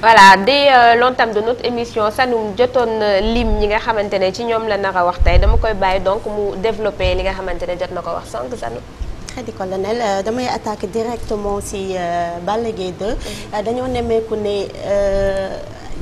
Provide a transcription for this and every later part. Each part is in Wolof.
voilà de euh, l'entame de notre émission Sanoum jotoon euh, lim ñi nga xamante ne ci ñoom la nar a wax tey dama koy bàyyi donc mu développé li nga xamante ne jot na ko wax sànq Sanoum. xëy colonel euh, damay attaquer directement si euh, Balla Gaye 2 mm-hmm. dañoo nemmeeku ne.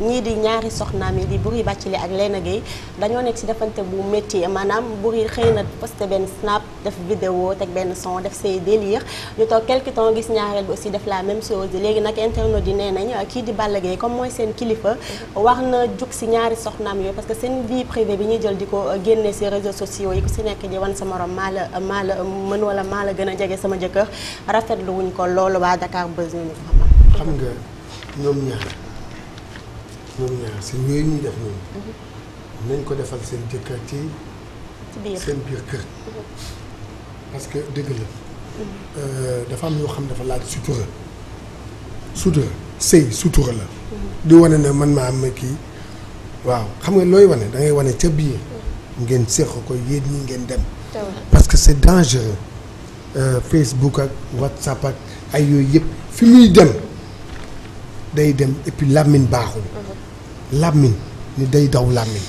ñii di ñaari soxnaam yi di Boury Bathily ak Léna Gueye dañoo nekk ci defante bu métti maanaam Boury xëy na posté benn snap def vidéo teg benn son def say délire ñu toog quelque temps gis ñaareel bi aussi def la même chose léegi nag internautes yi nee nañ kii di Balla Gaye comme mooy seen kilifa wax na jug ci ñaari soxnaam yooyu parce que seen vie privée bi ñuy jël di ko génne ci réseaux sociaux yi ku ci nekk di wan sa moroom maa la maa la mën wala maa la gën a jege sama jëkkër rafetlu ko loolu waa Dakar Buzz ñu ko xam ñoom ñaar seen yooyu ñuy def mhm. nañ ko defal seen jëkkër ci seen biir kër mhm. parce que dëgg la mhm. euh, dafa am yoo xam dafa laaj sutura sutura sëy sutura la di wane ne man maa am kii waaw xam nga looy wane da ngay wane ca biir ngeen séq ko yéen ñi ngeen dem parce que c'est dangereux euh, Facebook ak WhatsApp ak ay yooyu yëpp fi muy dem day dem et puis baaxul làmmiñ ni day daw làmmiñ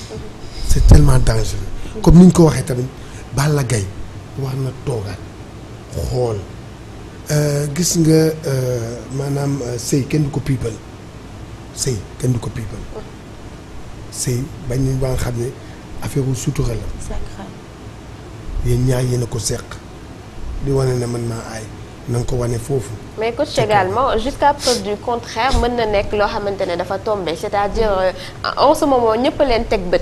c'est tellement dangereux comme ni ñu ko waxee tamit Balla Gaye wax na toogaat xool euh, gis nga euh, maanaam euh, sëy kenn du ko piipal sëy kenn du ko piipal sëy bañ nañ ba nga xam ne affaire wu sutura la yéen ñaar yéen ko seq di wane ne man maa aay na nga ko wane foofu. mais coach également jusqu'à preuve du contraire mën na nekk loo xamante ne dafa tombé c'est-à-dire euh, en ce moment ñëpp leen teg bët.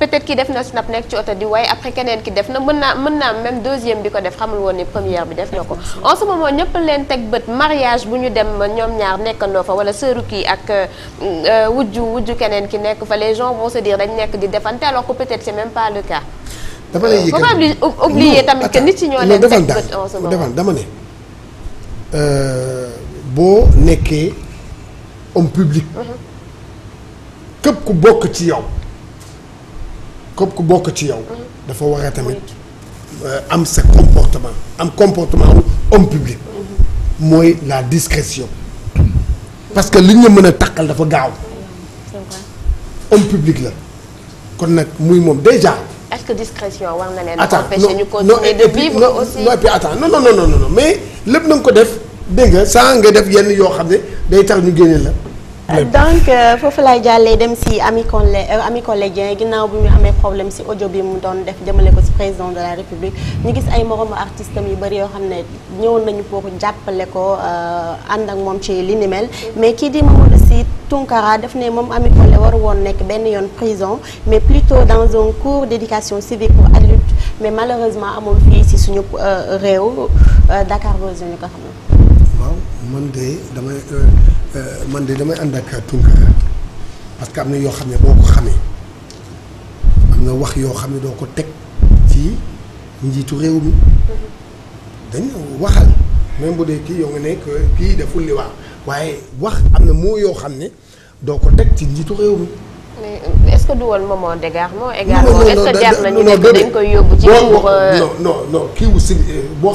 peut-être def na snap nekk ci oto di waaye après keneen ki def na mën naa mën naa même deuxième bi ko def xamul woon ni première bi def na ko en ce moment ñëpp leen teg bët mariage bu ñu dem ñoom ñaar nekkandoo fa wala sëru kii ak euh, euh, wujju wujju keneen ki nekk fa les gens vont se dañ nekk di defante alors que peut-être c'est même pas le cas. dafa lay yëg faut pas Euh, boo nekkee homme public. képp ku bokk ci yow. képp ku bokk ci yow. dafa war a tamit euh, am sa comportement am comportement homme public. mooy la discrétion. parce que li ñu mën a takkal dafa gaaw. homme public la kon nag muy moom déjà. est-ce que discrétion war na leen empêcher ñu continuer de vivre aussi non non non non mais lépp na nga ko def. dégg nga sans nga def yenn yoo xam ne day tax ñu génne la. Euh, donc euh, foofu lay jàllee dem si ami collè euh, ami collégien ginnaaw bu ñu amee problème si ojo bi mu doon def jëmale ko si président de la république ñu gis ay moromu artistes yu bëri yoo xam ne ñëwoon nañu pour jàppale ko ànd ak moom ci li mais kii di Mamadou Sy Tounkara def ne moom ami war woon nekk benn yoon prison mais plutôt dans un cours d' éducation civique pour mais malheureusement amul fii si suñu réew Dakar ñu ko man de damay euh, euh, man de damay ànd ak Tunkara parce que am na yoo xam ne boo ko xamee am na wax yoo xam ne doo ko teg ci njiitu réew mi dañ waxal même bu dee kii yow nga ne kii deful li wax waaye wax am na moo yoo xam ne doo ko teg ci njiitu réew mi. mais est-ce que du woon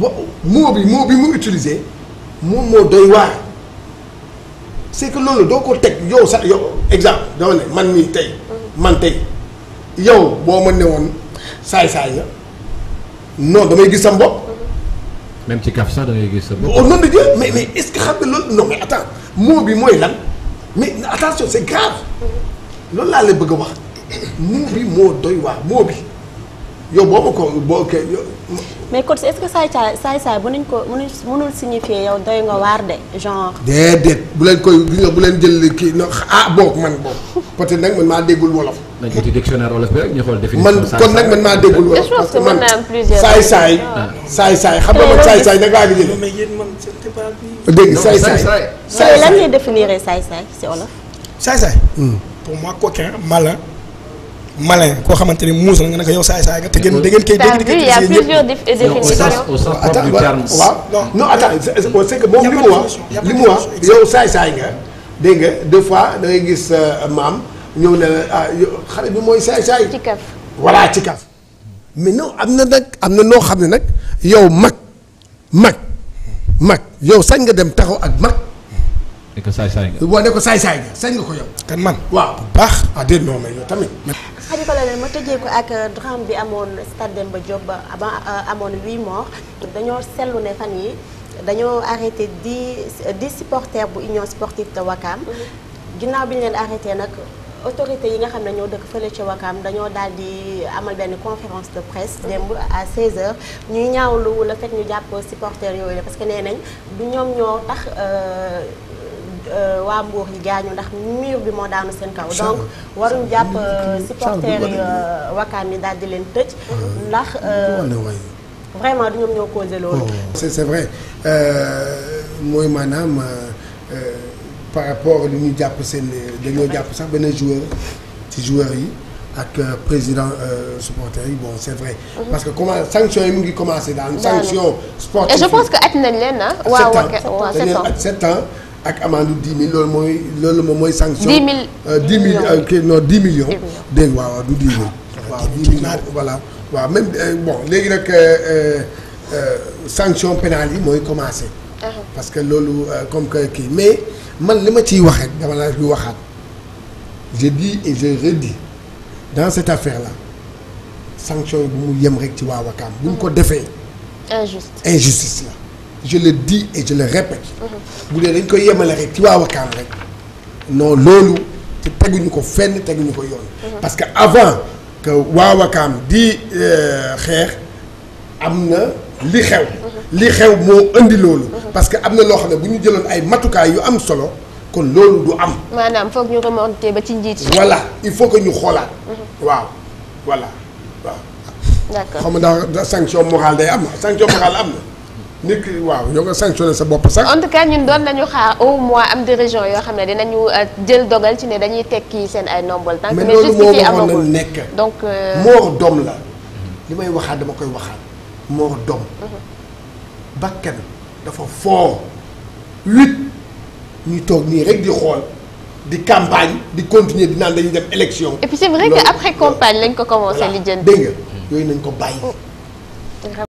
wa mot bi mot bi mu utilisé moom moo doy waar c'est que loolu doo ko teg yow sax yow exemple dama man mii tey man tey yow boo ma ne woon saay-saay nga non damay gis sam bopp. même ci kaf sax da sa bopp. au nom de mais mais est-ce que xam nga loolu non mais attends bi mooy lan mais attention c'est grave loolu laa la moo doy waar mot bi yow boo ko boo ko. mais coach est-ce que saay saay saay bu nañ ko mënul signifier yow doy nga waar de genre. déedéet bu leen koy gis nga bu leen jël kii no ah boog man boog peut-être nag man maa déggul wolof. nañ ko ci dictionnaire wolof bi rek man kon nag man maa déggul wolof parce saay saay. saay saay xam nga man saay saay nag laa ngi jëlee. mais yéen man c'était pas. dégg nga saay saay saay saay lan ngay définir saay saay saay pour moi coquin malin. malin koo xamante ni muus na nga ne ko yow saay saay nga te ngeen da ngeen koy dégg dégg y a plusieurs définitions au sens propre du terme waaw non non attends c'est que moom li mu wax li mu wax yow saay saay nga dégg nga deux fois da ngay gis euh, maam ñëw ne la ah, xale bi mooy saay saay ci kaf voilà ci kaf mais non am na nag am na noo xam ne nag yow mag mag mag yow sañ nga dem taxaw ak mag ne ko saay saay nga. boo ne ko saay saay nga sañ nga ko yow. kan man waaw bu baax. ah déet non mais yow tamit. xaji colonel ma tëjee ko ak drame bi amoon stade Demba Diop ba euh, amoon huit morts dañoo seetlu ne fan yi dañoo arrêté di di supporters bu union sportive de Wakam. ginnaaw bi leen arrêté nag. autorité yi nga xam ne ñoo dëkk fële ci Wakaam dañoo daal di amal benn conférence de presse démb à 16h ñuy ñaawlu la fekk ñu jàpp supporters yooyu la parce que nee nañ du Euh, waa Mbour yi gaañu ndax mur bi moo daanu seen kaw donc waruñ jàpp euh, supporter yi euh, Wakaam yi daal di leen tëj ndax vraiment du ñoom ñoo causé oh, loolu mooy maanaam par rapport ñu jàpp seen dañoo jàpp sax benn joueur ci joueur yi ak président supporter yi bon c'est vrai. Mm-hmm. parce que comment sanction yi mu ngi commencé daal. sanction sportive et je pense que at nañ leen ah. waaw waaw ak amende dix mille loolu mooy loolu moom mooy sanction dix mille euh, dix mille euh, kii non waaw waaw du dix waaw dix voilà waaw même euh, bon léegi nag sanction pénale yi mooy commencé ah. parce que loolu comme que kii mais man li ma ciy wax rek dama la lu waxaat je dis et je redis dans cette affaire là sanction yi bu mu yem rek ci waa Wakaam bu ñu ko mm. defee injustice injustice la je le dis et je le répète bu dañ koy yemale rek ci waa rek non loolu te teguñu ko fenn teguñu ko yoon parce que avant que waa Wakaam di euh, xeex am na li xew li xew moo indi loolu parce que am na loo xam ne bu ñu jëloon ay matukaay yu am solo kon loolu du am maanaam foog ñu remonter ba ci njiit voilà il faut que ñu xoolaat waaw voilà waaw xam nga daa sanction morale day am na sanction morale am na nit ki waaw yow nga sanctionné sa bopp sax. en tout cas ñun doon nañu xaar au moins am dirigeant yoo xam ne dinañu euh, jël dogal ci ne dañuy tekki seen ay ndombol tànk. mais loolu moo waxoon na nekk donc euh, moor doom la li may waxaat dama koy waxaat moor doom. Mhm. bakkan dafa fort huit ñuy toog nii rek di xool di campagne di continuer di naan dañuy dem élection. et puis c'est vrai après campagne lañ ko commencé. li jënd dégg yooyu nañ ko bàyyi. Mm.